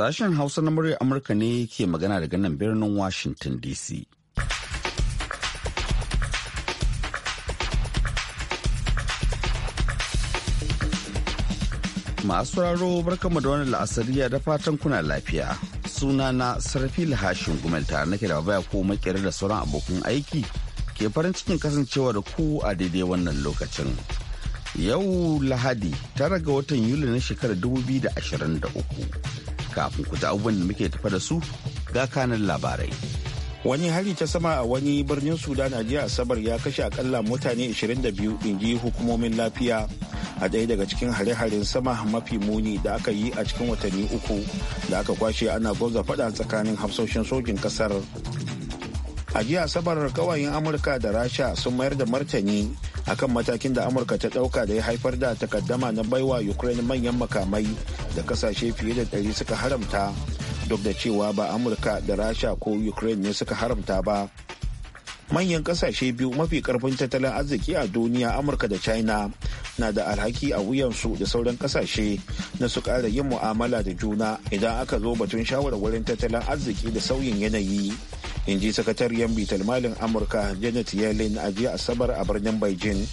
Sashen Hausa na muryar Amurka ne ke magana daga nan birnin Washington DC. Masu raro barkanmu da wani la'asariya da fatan kuna lafiya. Suna na Sarfi Lahashin Gumenta tare nake da baya ko makere da sauran abokan aiki ke farin cikin kasancewa da ku a daidai wannan lokacin. Yau Lahadi tara ga watan Yuli na shekarar 2023. kafin ku ji abubuwan da muke tafa da su ga kanan labarai. Wani hari ta sama a wani birnin Sudan a jiya Asabar ya kashe akalla mutane 22 inji hukumomin lafiya a ɗaya daga cikin hare-haren sama mafi muni da aka yi a cikin watanni uku da aka kwashe ana gwamza faɗa tsakanin hafsoshin sojin ƙasar. A jiya Asabar kawayen Amurka da Rasha sun mayar da martani akan matakin da amurka ta ɗauka da ya haifar da takaddama na baiwa ukraine manyan makamai da kasashe fiye da ɗari suka haramta duk da cewa ba amurka da rasha ko ukraine ne suka haramta ba manyan kasashe biyu mafi karfin tattalin arziki a duniya amurka da china na da alhaki a wuyansu da sauran kasashe na su kara yin mu'amala da juna idan aka zo batun shawarwarin tattalin arziki da sauyin yanayi in ji sakatariyar bitalmalin amurka janet yellen a jiya asabar a birnin beijing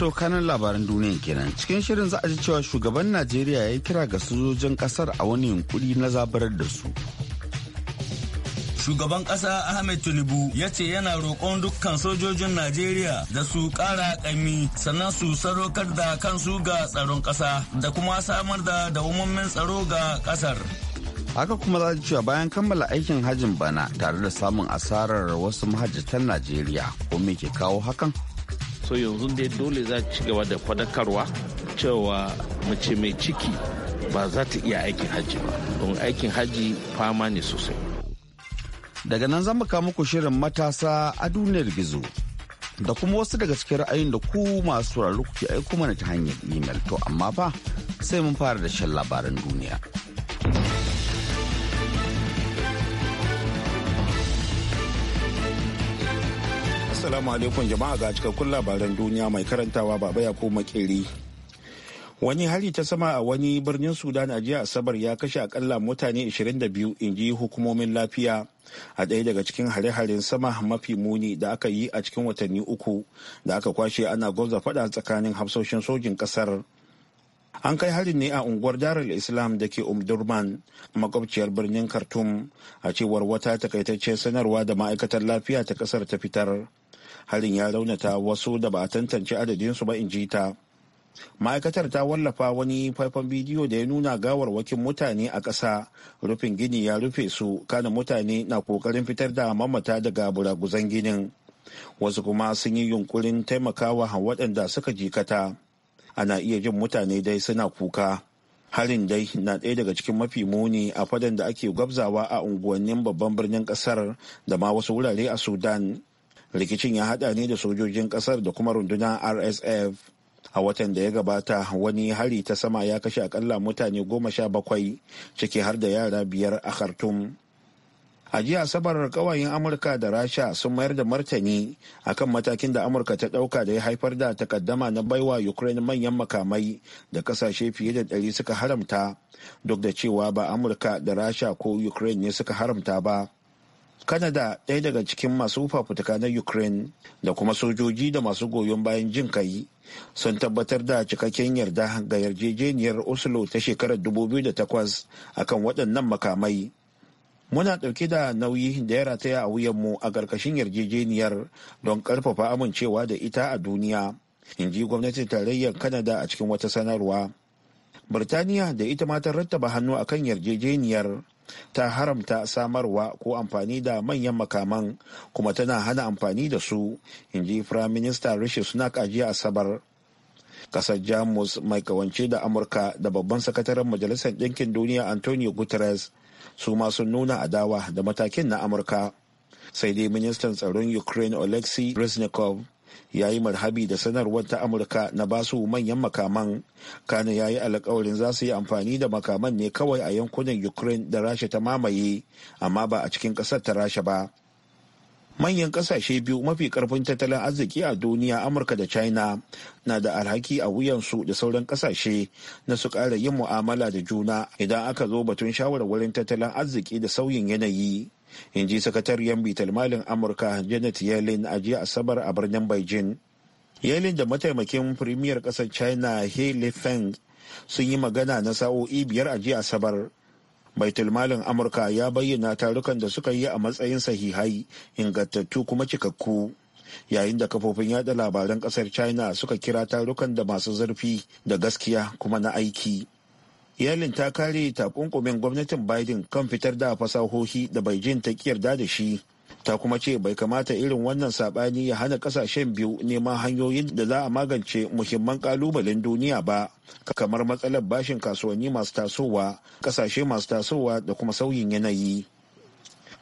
To kanan labaran duniya kenan cikin shirin za a ji cewa shugaban Najeriya ya kira ga sojojin kasar a wani yunkuri na zabarar da su. Shugaban ƙasa Ahmed Tinubu ya ce yana roƙon dukkan sojojin Najeriya da su ƙara ƙami sannan su sadaukar da kansu ga tsaron kasa da kuma samar da dawwammamin tsaro ga ƙasar. haka kuma za cewa bayan kammala aikin hajjin bana tare da samun asarar wasu mahajjatan najeriya ko me ke kawo hakan so yanzu dai dole za ci gaba da fadakarwa cewa mace mai ciki ba za ta iya aikin hajji ba don aikin hajji fama ne sosai daga nan za mu muku shirin matasa a duniyar gizo da kuma wasu daga cikin ra'ayin da ku masu sauraro kuke aiko mana ta hanyar imel to amma fa sai mun fara da shan labaran duniya. Assalamu alaikum jama'a ga cikakkun labaran duniya mai karantawa baba ya ko makeri. Wani hari ta sama a wani birnin Sudan a jiya Asabar ya kashe akalla mutane 22 inji hukumomin lafiya a ɗaya daga cikin hare-haren sama mafi muni da aka yi a cikin watanni uku da aka kwashe ana gwamza faɗa tsakanin hafsoshin sojin ƙasar. An kai harin ne a unguwar Darul Islam da ke Umdurman, makwabciyar birnin Khartoum, a cewar wata takaitaccen sanarwa da ma'aikatar lafiya ta ƙasar ta fitar. harin ya raunata wasu da ba a tantance adadinsu ba in ji ta ma'aikatar ta wallafa wani faifan bidiyo da ya nuna gawarwakin mutane a ƙasa rufin gini ya rufe su kana mutane na kokarin fitar da mamata daga buraguzan ginin wasu kuma sun yi yunkurin taimakawa waɗanda suka jikata ana iya jin mutane dai suna kuka harin dai na ɗaya daga cikin mafi muni a fadan da ake gwabzawa a unguwannin babban birnin ƙasar da ma wasu wurare a sudan rikicin ya hada ne da sojojin kasar da kuma rundunar rsf a watan da ya gabata wani hari ta sama ya kashe akalla mutane goma sha bakwai ciki har da yara biyar a khartoum a jiya asabar kawayen amurka da rasha sun mayar da martani akan matakin da amurka ta dauka da ya haifar da takaddama na baiwa ukraine manyan makamai da kasashe fiye da ɗari suka haramta duk da cewa ba amurka da rasha ko ukraine ne suka haramta ba Canada ɗaya daga cikin masu fafutuka na Ukraine da kuma sojoji da masu goyon bayan jin kai sun tabbatar da cikakken yarda ga yarjejeniyar Oslo ta shekarar 2008 akan waɗannan makamai. Muna ɗauke da nauyi da ya rataya a wuyanmu a ƙarƙashin yarjejeniyar don ƙarfafa amincewa da ita a duniya, in ji gwamnatin tarayyar Canada a cikin wata sanarwa. birtaniya da ita ma ta rattaba hannu a kan yarjejeniyar ta haramta samarwa ko amfani da manyan makaman kuma tana hana amfani da su in ji firaminista rishi sunak a jiya asabar kasar jamus mai kawance da amurka da babban sakataren majalisar ɗinkin duniya antonio guterres su ma sun nuna adawa da matakin na amurka sai dai ministan tsaron ukraine oleksiy reznikov ya yi marhabi da sanarwar ta amurka na basu manyan makaman kano ya yi alkawarin za su yi amfani da makaman ne kawai a yankunan ukraine da rasha ta mamaye amma ba a cikin ƙasar ta rasha ba manyan kasashe biyu mafi karfin tattalin arziki a duniya amurka da china na da alhaki a wuyansu da sauran kasashe na su kara yin mu'amala da juna idan aka zo batun shawarwarin tattalin arziki da sauyin yanayi in ji sakatariyar bitar malin amurka janet yellen a jiya asabar a birnin beijing yellen da mataimakin firimiyar kasar china he feng sun yi magana na sa'o'i biyar a jiya asabar baitulmalin amurka ya bayyana tarukan da suka yi a matsayin sahihai ingantattu kuma cikakku yayin da kafofin yada labaran kasar china suka kira tarukan da masu zurfi da gaskiya kuma na aiki iyalin ta kare takunkumin gwamnatin biden kan fitar da fasahohi da beijing ta yarda da shi ta kuma ce bai kamata irin wannan sabani ya hana kasashen biyu neman hanyoyin da za a magance muhimman kalubalen duniya ba kamar matsalar bashin kasuwanni masu tasowa kasashe masu tasowa da kuma sauyin yanayi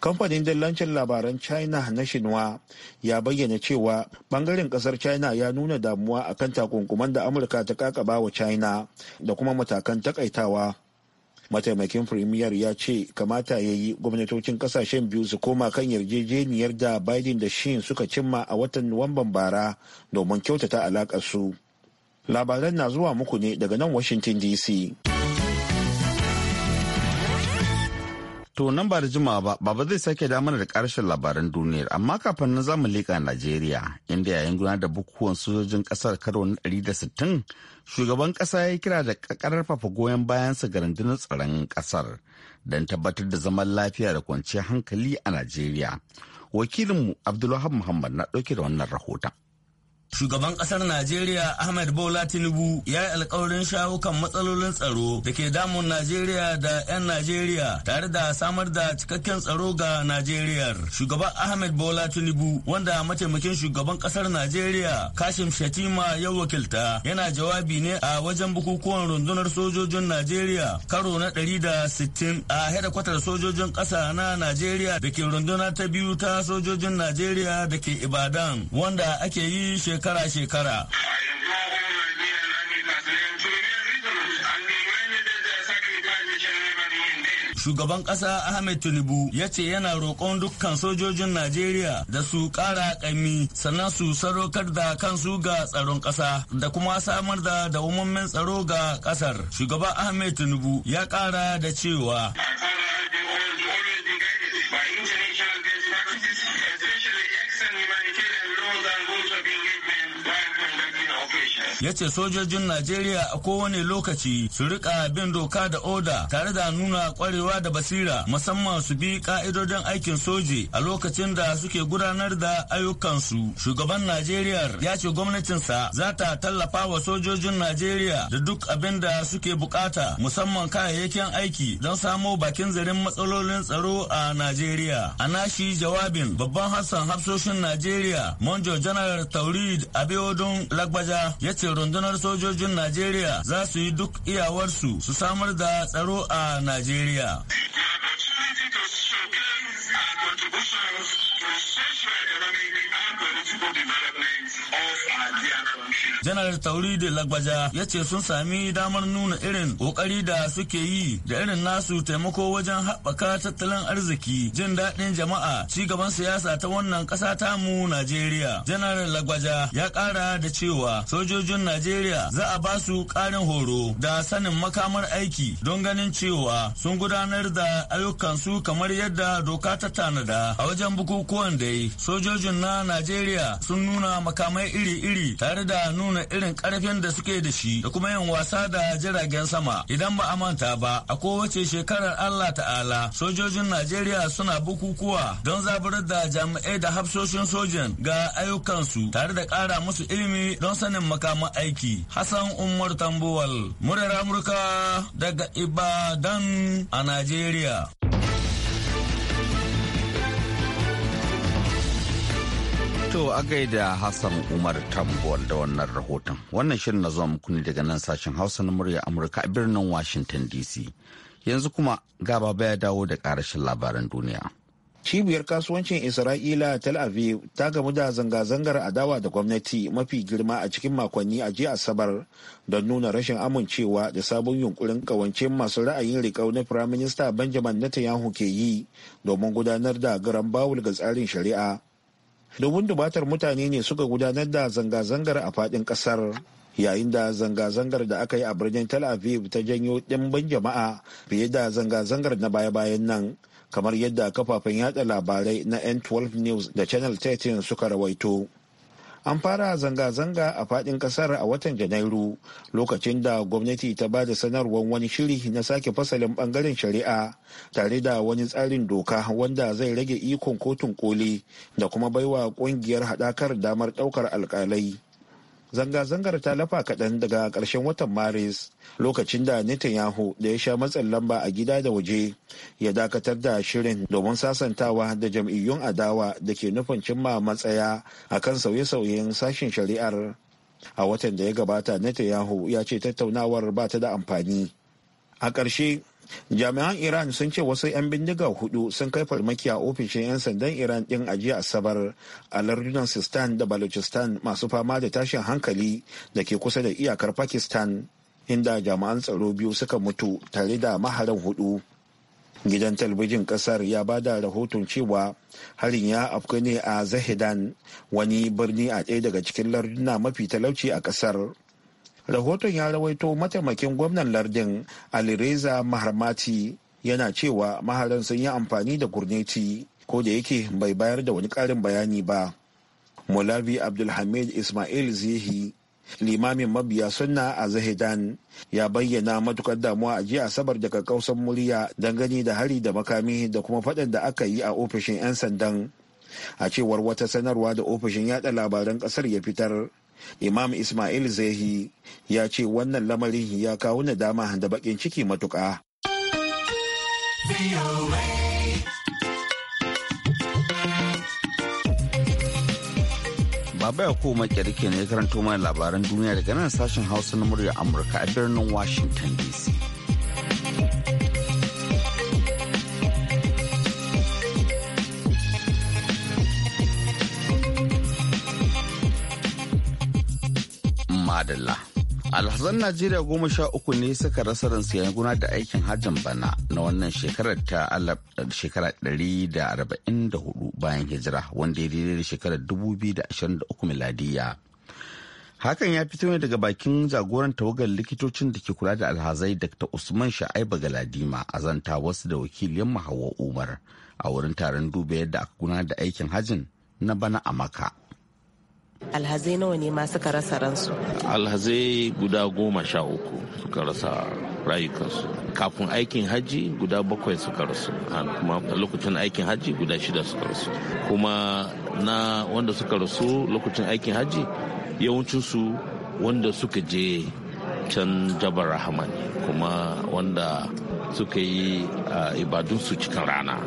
kamfanin dillancin labaran china na shinwa ya bayyana cewa bangaren kasar china ya nuna damuwa a kan takunkuman da amurka ta kakaba wa china da kuma matakan takaitawa mataimakin premier ya ce kamata ya yi gwamnatocin kasashen biyu su koma kan yarjejeniyar da biden da shin suka cimma a watan nuwamban bara domin kyautata alakarsu labaran na zuwa muku ne daga nan washington dc To nan ba da jimawa ba, baba zai sake damar da karshen labaran duniyar, amma kafin na zamu leƙa Najeriya, inda yayin gudanar da bukukuwan sojojin ƙasar karo na 160, shugaban ƙasa ya yi kira da ƙarfafa goyon bayansa ga rundunar tsaron ƙasar don tabbatar da zaman lafiya da kwanciyar hankali a Najeriya. Wakilinmu Abdulwahab Muhammad na ɗauke da wannan rahoton. Shugaban ƙasar Najeriya Ahmed Bola Tinubu ya yi alkawarin shawo kan matsalolin tsaro da ke damun Najeriya da 'yan Najeriya tare da samar da cikakken tsaro ga Najeriya. Shugaban Ahmed Bola Tinubu wanda mataimakin shugaban ƙasar Najeriya Kashim Shatima ya wakilta yana jawabi ne a wajen bukukuwan rundunar sojojin Najeriya karo na ɗari da sittin a hedakwatar sojojin ƙasa na Najeriya da ke runduna ta biyu ta sojojin Najeriya da ke Ibadan wanda ake yi shekaru shekara-shekara. shugaban ƙasa Ahmed Tinubu ya ce yana roƙon dukkan sojojin Najeriya da su ƙara ƙami sannan su sarokar da kansu ga tsaron ƙasa da kuma samar da dawwammamin tsaro ga ƙasar. Shugaban Ahmed Tinubu ya ƙara da cewa. ya ce sojojin najeriya a kowane lokaci su rika bin doka da oda tare da nuna kwarewa da basira musamman su bi ka'idodin aikin soji a lokacin da suke gudanar da ayyukansu shugaban najeriya ya ce gwamnatinsa za ta tallafa wa sojojin najeriya da duk abin da suke bukata musamman kayayyakin aiki don samo bakin zarin matsalolin tsaro a najeriya a nashi jawabin babban hassan hafsoshin najeriya monjo janar taurid abiodun lagbaja ya ce ce rundunar sojojin Najeriya za su yi duk iyawarsu su samar da tsaro a Najeriya. Janar da Lagbaja ya ce sun sami damar nuna irin ƙoƙari da suke yi da irin nasu taimako wajen haɓaka tattalin arziki, jin daɗin jama'a, ci gaban siyasa ta wannan ƙasa tamu Najeriya. Janar Lagbaja ya ƙara da cewa sojojin Najeriya za a ba su ƙarin horo da sanin makamar aiki don ganin cewa sun gudanar da ayyukansu kamar yadda doka ta tanada a wajen bukuku. bukukuwan da yi sojojin na najeriya sun nuna makamai iri-iri tare da nuna irin karfin da suke da shi da kuma yin wasa da jiragen sama idan ba a manta ba a kowace shekarar allah ta'ala sojojin najeriya suna bukukuwa don zaburar da jami'ai da hafsoshin sojin ga ayyukansu tare da kara musu ilimi don sanin makaman aiki hassan umar tambuwal murar amurka daga ibadan a najeriya To a gaida Hassan Umar tambuwar da wannan rahoton. Wannan shirin na zuwa muku ne daga nan sashen Hausa na murya Amurka a birnin Washington DC. Yanzu kuma gaba baya dawo da karashin labaran duniya. Cibiyar kasuwancin Isra'ila Tel Aviv ta gamu da zanga-zangar adawa da gwamnati mafi girma a cikin makonni a jiya Asabar don nuna rashin amincewa da sabon yunkurin kawance masu ra'ayin riƙau na Firaminista Benjamin Netanyahu ke yi domin gudanar da garan bawul ga tsarin shari'a. domin dubatar mutane ne suka gudanar da zanga-zangar a fadin kasar yayin da zanga-zangar da aka yi a birnin tel aviv ta janyo dimbin jama'a fiye da zanga-zangar na baya-bayan nan kamar yadda kafafen yada labarai na n12 news da channel 13 suka rawaito an fara zanga-zanga a fadin kasar a watan janairu lokacin da gwamnati ta ba da sanarwar wani shiri na sake fasalin bangaren shari'a tare da wani tsarin doka wanda zai rage ikon kotun koli da kuma baiwa kungiyar haɗakar damar ɗaukar alkalai zanga-zangar ta lafa kaɗan daga ƙarshen watan maris lokacin da netanyahu da ya sha matsin lamba a gida da waje ya dakatar da shirin domin sasantawa da jam'iyyun adawa da ke nufin cimma matsaya a kan sauye-sauyen sashen shari'ar a watan da ya gabata netanyahu ya ce tattaunawar ba ta da amfani a ƙarshe jami'an iran sun ce wasu 'yan bindiga hudu sun kai farmaki a ofishin 'yan sandan iran din a jiya asabar a lardunan sistan da balochistan masu fama da tashin hankali da ke kusa da iyakar pakistan inda jami'an tsaro biyu suka mutu tare da maharan hudu gidan talbijin kasar ya ba da rahoton cewa harin ya afku ne a zahidan wani birni a ɗaya daga cikin larduna mafi talauci a kasar rahoton ya rawaito mataimakin gwamnan lardin alireza maharmati yana cewa maharan sun yi amfani da gurneti ko da yake bai bayar da wani karin bayani ba molavi abdulhamid ismail zihi limamin mabiya sunna a zahidan ya bayyana matukar damuwa a jiya asabar daga kausan murya dangane da hari da makami da kuma faɗin da aka yi a ofishin 'yan sandan a cewar wata sanarwa da ofishin yada labaran ƙasar ya fitar imam ismail zehi ya ce wannan lamarin ya kawo nadama da bakin ciki matuƙa. Baba ya koma kyarke ne karanto mana labaran duniya daga nan sashen hausa na murya Amurka a birnin Washington DC. Alhazan Najeriya goma sha uku ne suka rasa ransu yayin guna da aikin hajjin bana na wannan shekarar ta shekara ɗari da arba'in da hudu bayan hijira wanda ya daidai da shekarar dubu biyu da ashirin da uku miladiya. Hakan ya fito ne daga bakin jagoran tawagar likitocin da ke kula da alhazai Dr. Usman Sha'aiba Galadima a zanta wasu da wakilin Hawa Umar a wurin taron duba yadda aka gudanar da aikin hajjin na bana a Maka. alhazai nawa ne ma suka rasa ransu alhazai guda goma sha uku suka rasa rayukansu kafin aikin hajji guda bakwai suka rasu kuma lokacin aikin hajji guda shida suka rasu kuma na wanda suka rasu lokacin aikin hajji yawancinsu wanda suka je can jabar rahman kuma wanda suka yi ah, ibadunsu cikin rana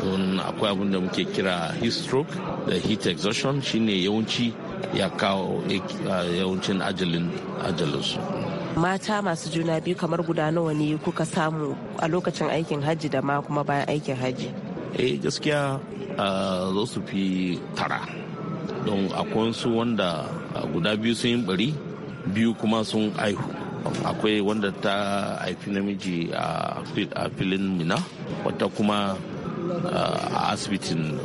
don akwai abin da muke kira heat stroke da heat exhaustion shine yawanci ya kawo ah, yawancin ajalin ajalinsu mata masu juna biyu kamar guda nawa ne kuka samu a lokacin aikin hajji da ma kuma bayan aikin hajji eh gaskiya ah, za su fi tara don akwai su wanda guda biyu sun yi bari biyu kuma sun aihu akwai wanda ta haifi namiji a filin mina wata kuma a asibitin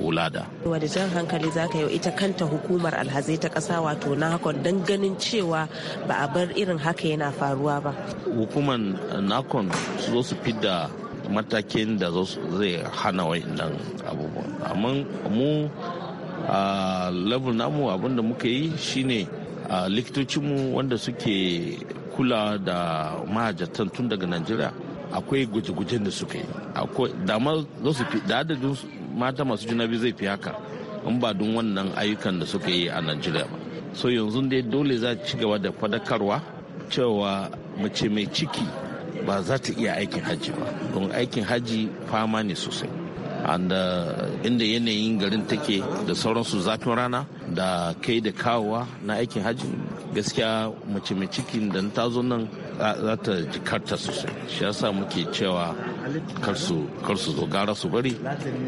wulada. wadda jan hankali za ka yi ita kanta hukumar alhazai ta ƙasa wato na hakon don ganin cewa ba a bar irin haka yana faruwa ba hukumar nakon su zo su fidda matakin da zai hana wa'annan abubuwan amma mu a level namu abinda muka yi shine likitocinmu wanda suke kula da mahajatan tun daga najeriya akwai guje-gujen da suka yi akwai damar da adadin mata masu juna biyu zai fi haka in ba don wannan ayyukan da suka yi a najeriya ba so yanzu dai dole za ci gaba da fadakarwa cewa mace mai ciki ba za ta iya aikin hajji ba don aikin hajji fama ne sosai anda uh, inda yanayin garin take da sauransu zafin rana da kai da kawowa na aikin hajji gaskiya mace mai ciki da ta zo nan za ta jikarta sosai shi yasa muke cewa kar su zo gara su bari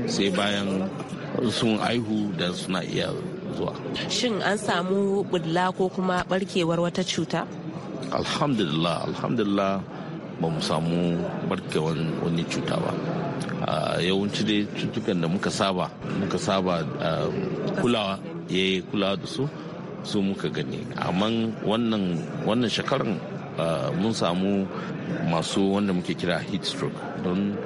sai bayan sun aihu da suna iya zuwa shin an samu bulla ko kuma barkewar wata cuta alhamdulillah alhamdulillah ba mu samu barkewar wani cuta ba yawanci dai cutukan da muka saba muka saba um, kulawa ya eh, yi kulawa da su su muka gani amma wannan wannan shekaran ah, mun samu masu wanda muke kira heat stroke don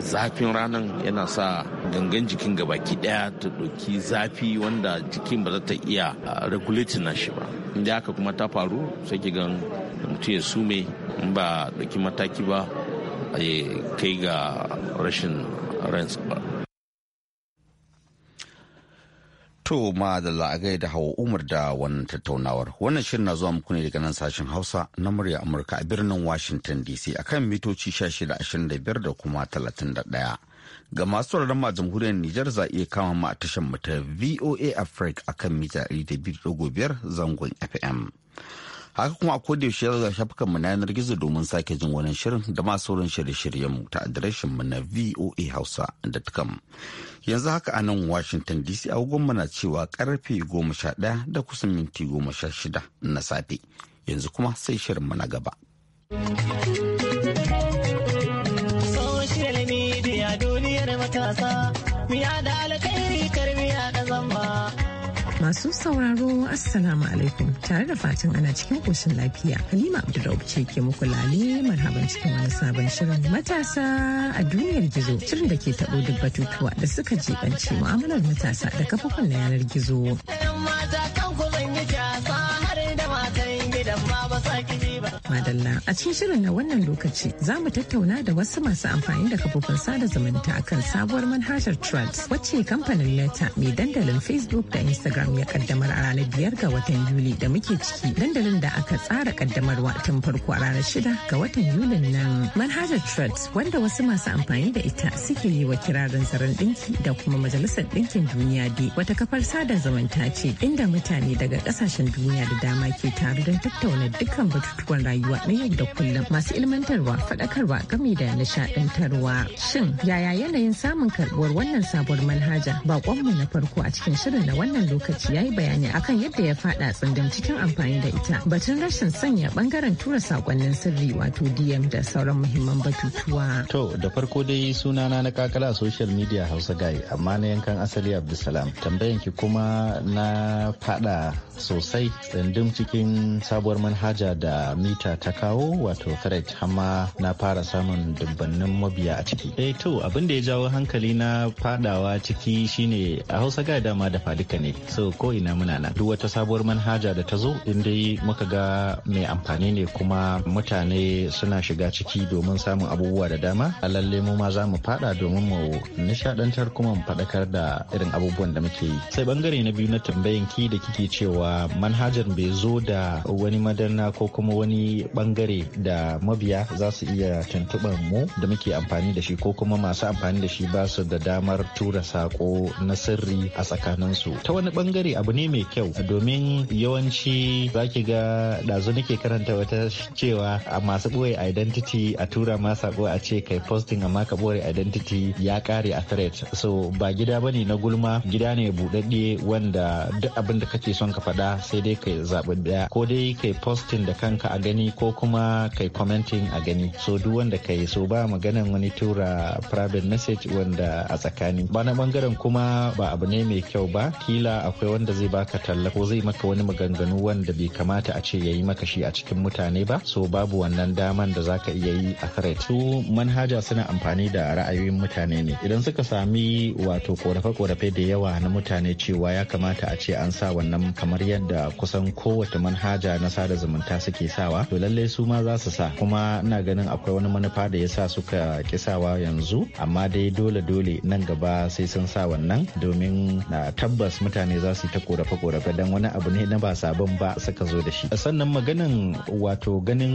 zafin ranar yana sa gangan jikin gabaki daya ta doki zafi wanda jikin ba za ta iya ah, regulating na shi ba inda haka kuma ta faru sai ki gan mutum ya sume in ba ɗauki mataki ba kai ga rashin ba. To ma da la'agai da hawa umar da wannan tattaunawar. Wannan shirin na zuwa muku ne daga nan sashen Hausa na murya Amurka a birnin Washington DC akan mitoci 1625 da kuma 31. Ga masu sauraron ma jamhuriyar Nijar za iya kama ma a tashar mu ta VOA Africa akan mita 200.5 zangon FM. haka kuma a koda yaushe ga shafukan mu na yanar gizo domin sake jin wannan shirin da ma sauran shirye-shiryen mu ta adireshin mu na voahausa.com yanzu haka a nan washington dc agogon mu na cewa karfe goma sha ɗaya da kusan minti goma sha shida na safe yanzu kuma sai shirin mu na gaba. Masu sauraro Assalamu alaikum tare da fatan ana cikin koshin lafiya. Halima Abdulrahman ce ke muku lale marhaban cikin wani sabon shirin matasa a duniyar gizo. Shirin da ke taɓo duk batutuwa da suka jibanci mu'amalar matasa da kafafen na yanar gizo. Madalla a cikin shirin na wannan lokaci za mu tattauna da wasu masu amfani da kafofin sada zumunta akan sabuwar manhajar Threads wacce kamfanin Leta mai dandalin Facebook da Instagram ya kaddamar a ranar biyar ga watan Yuli da muke ciki dandalin da aka tsara kaddamarwa tun farko a ranar shida ga watan yuli nan. Manhajar Threads wanda wasu masu amfani da ita suke yi wa kirarin zaren dinki da kuma majalisar dinkin duniya dai wata kafar sada zumunta ce inda mutane daga kasashen duniya da dama ke tare don tattauna dukkan batutuwan rayuwa rayuwa na yau da kullum masu ilmantarwa faɗakarwa game da nishaɗantarwa. Shin yaya yanayin samun karɓuwar wannan sabuwar manhaja baƙonmu na farko a cikin shirin na wannan lokaci ya yi bayani akan yadda ya faɗa tsundum cikin amfani da ita batun rashin sanya ɓangaren tura saƙonnin sirri wato DM da sauran muhimman batutuwa. To da farko dai sunana na kakala social media Hausa Guy amma na yankan asali Abdulsalam tambayan ki kuma na faɗa sosai tsundum cikin sabuwar manhaja da mita ta kawo wato threat hamma na fara samun dubbannin mabiya a ciki eh to abin da ya jawo hankali na fadawa ciki shine a hausa ga dama da falika ne so ko ina muna nan duk wata sabuwar manhaja da ta zo in dai muka ga mai amfani ne kuma mutane suna shiga ciki domin samun abubuwa da dama a lalle mu ma za mu fada domin mu nishadantar kuma mu fadakar da irin abubuwan da muke yi sai bangare na biyu na tambayan ki da kike cewa manhajar bai zo da wani madanna ko kuma wani Ɓangare bangare da mabiya za su iya tuntuɓar mu da muke amfani da shi ko kuma masu amfani da shi ba su da damar tura sako na sirri a tsakaninsu ta wani bangare abu ne mai kyau domin yawanci za ki ga ɗazu nake karanta wata cewa a masu ɓoye identity a tura ma sako a ce kai posting amma ka ɓoye identity ya kare a threat so ba gida bane na gulma gida ne buɗaɗɗe wanda duk abin da kake son ka faɗa sai dai kai zaɓi ɗaya ko dai kai posting da kanka a gani gani ko kuma kai commenting a gani so duk wanda ka yi so ba maganan wani tura private message wanda a tsakani ba na bangaren kuma ba abu ne mai kyau ba kila akwai wanda zai baka talla ko zai maka wani maganganu wanda bai kamata a ce ya yi maka shi a cikin mutane ba so babu wannan daman da zaka iya yi a kare su manhaja suna amfani da ra'ayoyin mutane ne idan suka sami wato korafe-korafe da yawa na mutane cewa ya kamata a ce an sa wannan kamar yadda kusan kowace manhaja na sada zumunta suke sawa to lallai su ma za su sa kuma ina ganin akwai wani manufa da ya sa suka kisawa yanzu amma dai dole dole nan gaba sai sun sa wannan domin na tabbas mutane za su yi ta korafe korafe don wani abu ne na ba sabon ba suka zo da shi sannan maganin wato ganin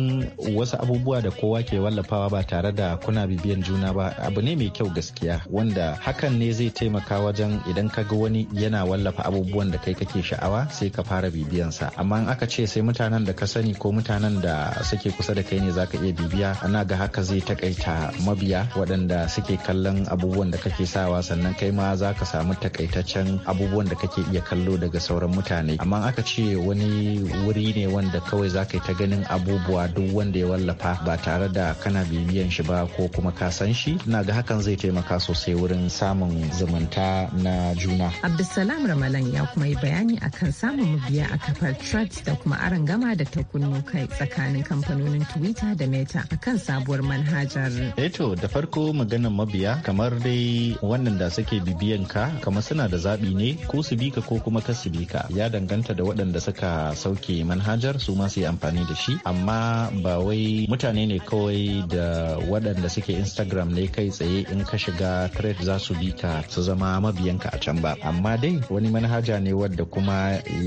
wasu abubuwa da kowa ke wallafawa ba tare da kuna bibiyan juna ba abu ne mai kyau gaskiya wanda hakan ne zai taimaka wajen idan ka ga wani yana wallafa abubuwan da kai kake sha'awa sai ka fara bibiyansa amma in aka ce sai mutanen da ka sani ko mutanen da waɗanda suke kusa da kai ne za ka iya bibiya ana ga haka zai takaita mabiya waɗanda suke kallon abubuwan da kake sawa sannan kai ma za ka samu takaitaccen abubuwan da kake iya kallo daga sauran mutane amma aka ce wani wuri ne wanda kawai za ka yi ta ganin abubuwa duk wanda ya wallafa ba tare da kana bibiyan shi ba ko kuma ka san shi na ga hakan zai taimaka sosai wurin samun zumunta na juna abdulsalam ramalan ya kuma yi bayani akan samun mabiya a kafar trot da kuma arangama da ta kunnu kai tsakanin tsakanin kamfanonin Twitter da Meta akan sabuwar manhajar. Eto da farko maganan mabiya kamar dai wannan da suke bibiyan ka kamar suna da zaɓi ne ko su bi ka ko kuma ka su bi ka ya danganta da waɗanda suka sauke manhajar su ma su yi amfani da shi amma ba wai mutane ne kawai da waɗanda suke Instagram ne kai tsaye in ka shiga thread za su bi ka su zama mabiyan ka a can ba amma dai wani manhaja ne wadda kuma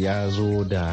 ya zo da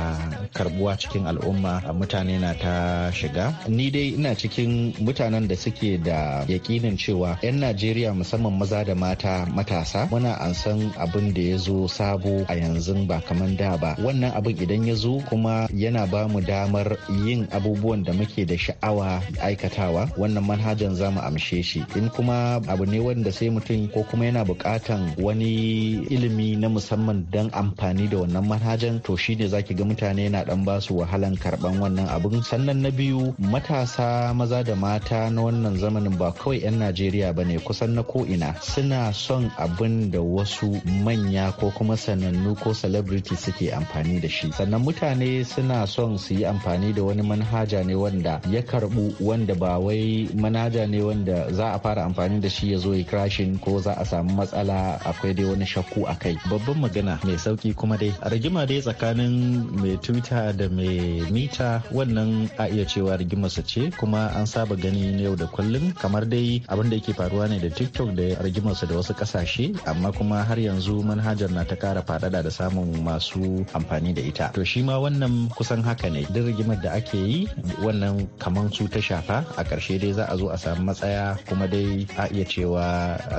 karbuwa cikin al'umma mutane na ta ta shiga ni dai ina cikin mutanen da suke da yakinin cewa 'yan najeriya musamman maza da mata matasa muna an san abin da ya zo sabo a yanzu ba kamar da ba wannan abin idan ya zo kuma yana ba mu damar yin abubuwan da muke da sha'awa aikatawa wannan manhajan za mu amshe shi in kuma abu ne wanda sai mutum ko kuma yana bukatan wani ilimi na musamman don amfani da wannan manhajan to shi shine zaki ga mutane yana dan basu wahalan karban wannan abun sannan na biyu matasa maza da mata na wannan zamanin ba kawai 'yan najeriya ba ne kusan na ko'ina suna son abin da wasu manya ko kuma sanannu ko celebrity suke amfani da shi sannan mutane suna son su yi amfani da wani manhaja ne wanda ya karbu wanda ba wai manhaja ne wanda za a fara amfani da shi ya zo ya crashing ko za a samu matsala akwai dai wani shakku a kai babban magana mai sauki kuma dai a rigima dai tsakanin mai twitter da mai mita wannan a iya cewa rigimarsa ce kuma an saba gani na yau da kullum kamar dai abin da yake faruwa ne da tiktok da rigimarsa da wasu kasashe amma kuma har yanzu manhajar na ta kara fadada da samun masu amfani da ita to shi ma wannan kusan haka ne duk rigimar da ake yi wannan kamar su ta shafa a ƙarshe dai za a zo a samu matsaya kuma dai a iya cewa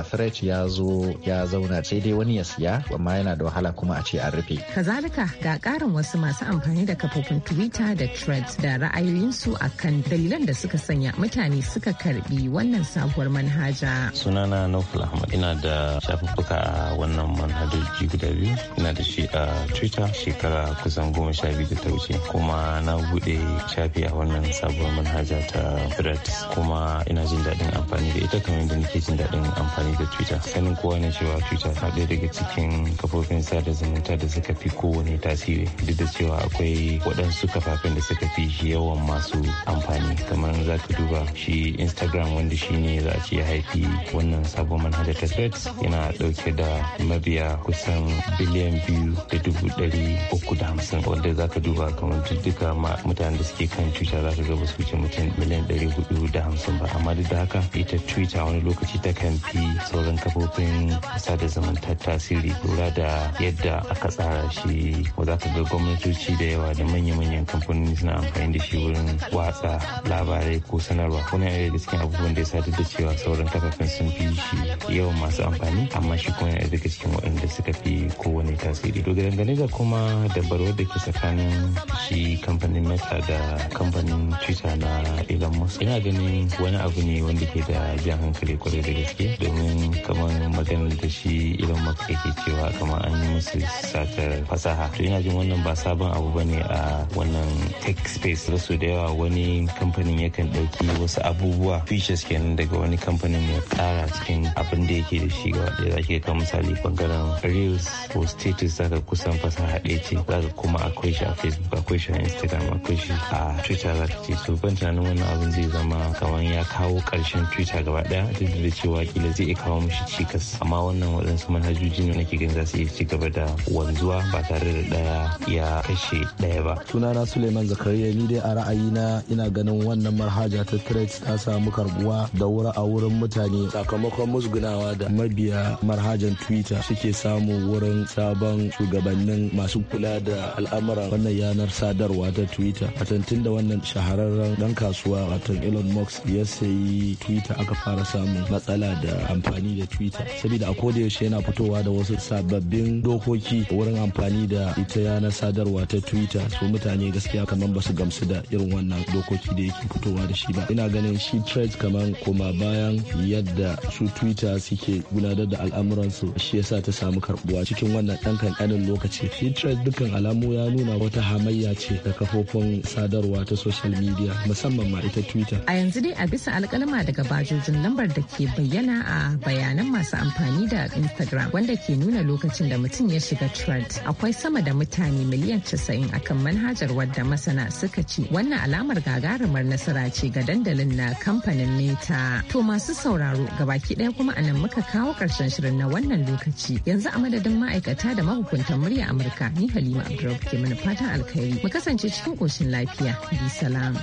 threat ya zo ya zauna sai dai wani ya siya amma yana da wahala kuma a ce an rufe kazalika ga karin wasu masu amfani da kafofin twitter da threads da ra'ayi ra'ayoyinsu a kan dalilan da suka sanya mutane suka karbi wannan sabuwar manhaja. Sunana Naufal Ahmad ina da shafuffuka a wannan manhajoji guda biyu ina da shi a Twitter shekara kusan goma sha biyu da ta wuce kuma na bude shafi a wannan sabuwar manhaja ta Thread kuma ina jin daɗin amfani da ita kamar yadda nake jin daɗin amfani da Twitter. Sanin kowa ne cewa Twitter na ɗaya daga cikin kafofin sada zumunta da suka fi kowane tasiri duk da cewa akwai waɗansu kafafen da suka fi shi yawan masu amfani kamar za ka duba shi instagram wanda shi ne za a ce ya haifi wannan sabon manhajar ta threads yana dauke da mabiya kusan biliyan biyu da dubu dari uku da hamsin wanda za ka duba kamar duka mutanen da suke kan twitter za ka ga su wuce mutum miliyan dari hudu da hamsin ba amma duk da haka ita twitter wani lokaci ta kan fi sauran kafofin sada zumunta tasiri lura da yadda aka tsara shi za ka ga gwamnatoci da yawa da manya-manyan kamfanoni suna amfani da shi shi wurin watsa labarai ko sanarwa kuma yana daga cikin abubuwan da ya sadar da cewa sauran kafafen sun fi shi yawan masu amfani amma shi kuma yana daga cikin waɗanda suka fi kowane tasiri to dangane da kuma dabaru da ke tsakanin shi kamfanin meta da kamfanin twitter na elon musk ina ganin wani abu ne wanda ke da jan hankali kwarai da gaske domin kamar maganar da shi elon musk yake cewa kamar an yi musu satar fasaha to ina jin wannan ba sabon abu bane a wannan tech space so da yawa wani kamfanin yakan ɗauki wasu abubuwa features kenan daga wani kamfanin ya tsara cikin abin da yake da shi wanda za ka kan misali bangaren reels ko status zaka kusan fasaha ɗaya ce zaka kuma akwai shi a facebook akwai shi a instagram akwai shi a twitter zaka ce so ban tunanin wannan abin zai zama kamar ya kawo ƙarshen twitter gaba ɗaya duk da cewa kila zai kawo mishi cikas amma wannan waɗansu manhajoji ne nake ganin za su iya ci gaba da wanzuwa ba tare da ɗaya ya kashe ɗaya ba. sunana suleiman zakariya ni dai a ra'ayina ina ganin wannan manhaja ta threat ta samu karbuwa da wuri a wurin mutane sakamakon musgunawa da mabiya manhajan twitter suke samu wurin sabon shugabannin masu kula da al'amuran wannan yanar sadarwa ta twitter tun da wannan shahararren dan kasuwa watan elon musk ya sayi twitter aka fara samun matsala da amfani da twitter saboda a koda yaushe yana fitowa da wasu sababbin dokoki wurin amfani da ita yanar sadarwa ta twitter su mutane gaskiya kamar basu gamsu da da irin wannan dokoki da yake fitowa da shi ba ina ganin shi trade kamar koma bayan yadda su twitter suke gudanar da al'amuransu shi yasa ta samu karbuwa cikin wannan ɗan kankanin lokaci shi trade dukkan alamu ya nuna wata hamayya ce da kafofin sadarwa ta social media musamman ma ita twitter a yanzu dai a bisa alkalma daga bajojin lambar da ke bayyana a bayanan masu amfani da instagram wanda ke nuna lokacin da mutum ya shiga trend akwai sama da mutane miliyan 90 akan manhajar wadda masana suka ce wannan alamar gagarumar nasara ce ga dandalin na kamfanin meta to masu sauraro gabaki daya kuma anan muka kawo karshen shirin na wannan lokaci yanzu a madadin ma'aikata da mahukuntan murya amurka ni halima abdurrahman ke mana fatan alkhairi mu kasance cikin koshin lafiya bi salam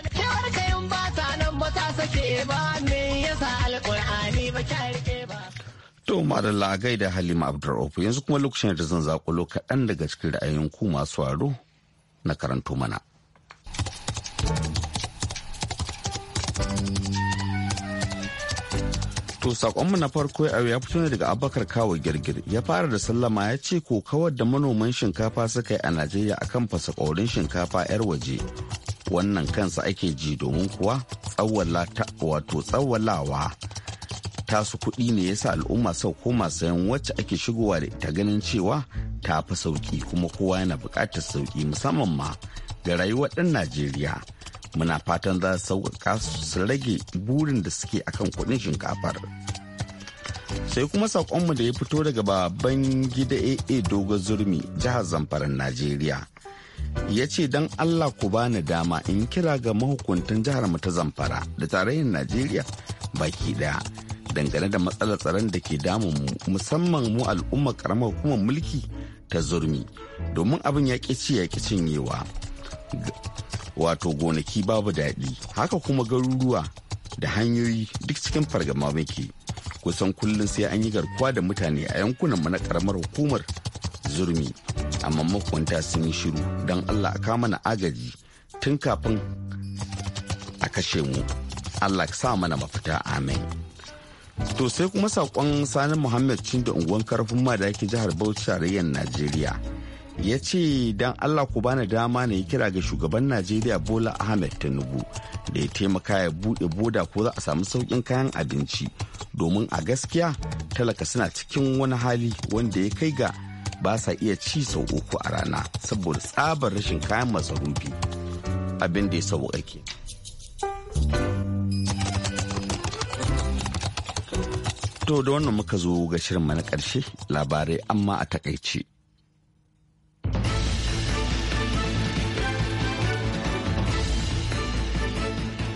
To madalla gaida Halima Abdurrauf yanzu kuma lokacin da zan zaƙo kaɗan daga cikin ra'ayin ku masu waro na karanto mana. To sakonmu na farko ya fito ne daga Abakar Kawo Girgir. Ya fara da sallama ya ce ko kawar da manoman shinkafa suka yi a Najeriya akan fasakorin shinkafa 'yar waje. Wannan kansa ake ji domin kuwa wato tsawalawa tasu kuɗi ne yasa al'umma sau masu sayan wacce ake shigowa da ita ganin cewa ta fi sauki kuma kowa yana bukatar sauki musamman ma ga rayuwar ɗan Najeriya. muna fatan za su sauƙaƙa su rage burin da suke akan kuɗin shinkafar sai kuma saƙonmu da ya fito daga babban gida aa dogon zurmi jihar zamfara najeriya ya ce don allah ku bani dama in kira ga mahukuntan jihar mu ta zamfara da tarayyar najeriya baki daya dangane da matsalar tsaron da ke damun mu musamman mu al'umma karamar hukumar mulki ta zurmi domin abin ya ƙi ci ya ƙi cinyewa wato gonaki babu daɗi haka kuma garuruwa da hanyoyi duk cikin fargama muke kusan kullum sai an yi garkuwa da mutane a yankunan mu na karamar hukumar zurmi amma makwanta sun yi shiru don allah a kama na agaji tun kafin a kashe mu allah sa mana mafita amin to sai kuma saƙon sani muhammad cin da unguwan karfin ma da yake jihar bauchi tarayyar najeriya ya ce don allah ku bani dama na yi kira ga shugaban najeriya bola ahmed tinubu da ya taimaka ya buɗe boda ko za a samu sauƙin kayan abinci domin a gaskiya talaka suna cikin wani hali wanda ya kai ga ba sa iya ci sau uku a rana saboda tsabar rashin kayan masarufi abin da ya sauƙaƙe. ke To da wannan muka zo ga shirinmu na ƙarshe labarai amma a takaice.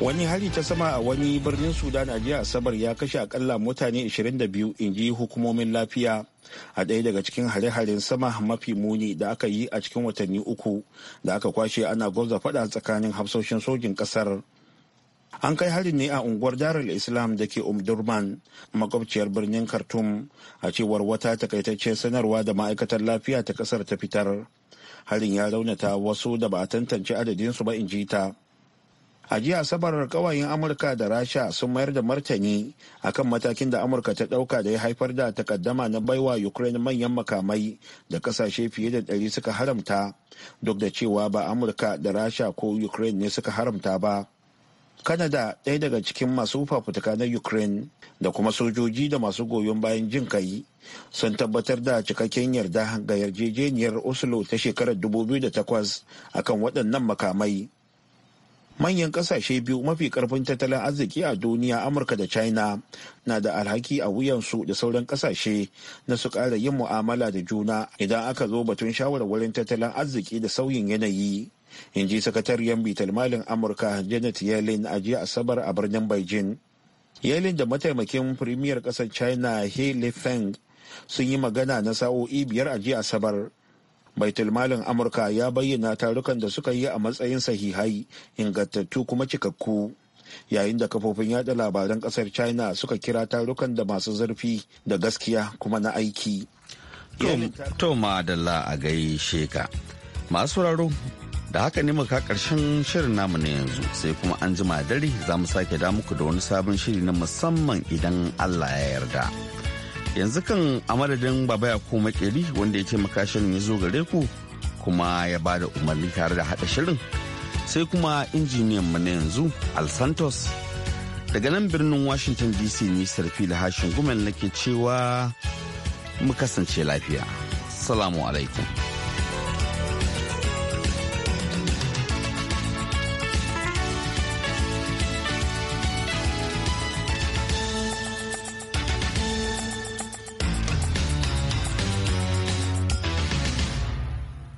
wani hari ta sama a wani birnin sudan a jiya asabar ya kashe akalla mutane 22 inji hukumomin lafiya a ɗaya daga cikin hare-haren sama mafi muni da aka yi a cikin watanni uku da aka kwashe ana gwamza fada tsakanin hafsoshin sojin ƙasar an kai harin ne a unguwar darul islam da ke umdurman makwabciyar birnin khartoum a cewar wata takaitaccen sanarwa da ma'aikatar lafiya ta kasar ta fitar harin ya raunata wasu da ba a tantance adadinsu ba in ji ta a jiya asabar kawayen amurka da rasha sun mayar da martani akan matakin da amurka ta dauka da ya haifar da takaddama na baiwa ukraine manyan makamai da kasashe fiye da ɗari suka haramta duk da cewa ba amurka da rasha ko ukraine ne suka haramta ba kanada ɗaya daga cikin masu fafutuka na Ukraine da kuma sojoji da masu goyon bayan jin kai sun tabbatar da cikakken yarda ga yarjejeniyar Oslo ta shekarar 2008 akan waɗannan makamai manyan kasashe biyu mafi karfin tattalin arziki a duniya amurka da china na da alhaki a wuyansu da sauran kasashe na su kara yin mu'amala da juna idan aka zo batun shawarwarin tattalin arziki da sauyin yanayi in ji sakatariyar bitar malin amurka janet yellen a jiya asabar a birnin beijing yellen da mataimakin firimiyar ƙasar china he feng sun yi magana na sa'o'i biyar a jiya asabar tilmalin amurka ya bayyana tarukan da suka yi a matsayin sahihai ingantattu kuma cikakku yayin da kafofin yada labaran kasar china suka kira tarukan da masu zurfi da gaskiya kuma na aiki to a gaishe ka masu da haka ne muka karshen shirin namu na yanzu sai kuma an jima dare za mu sake da muku da wani sabon shiri na musamman idan allah ya yarda. yanzu kan a madadin baba ya ko makeri wanda ya taimaka shirin ya zo gare ku kuma ya ba da umarni tare da haɗa shirin sai kuma injiniyan mu na yanzu al santos daga nan birnin washington dc ne sarfi da hashin gumel nake cewa mu kasance lafiya salamu alaikum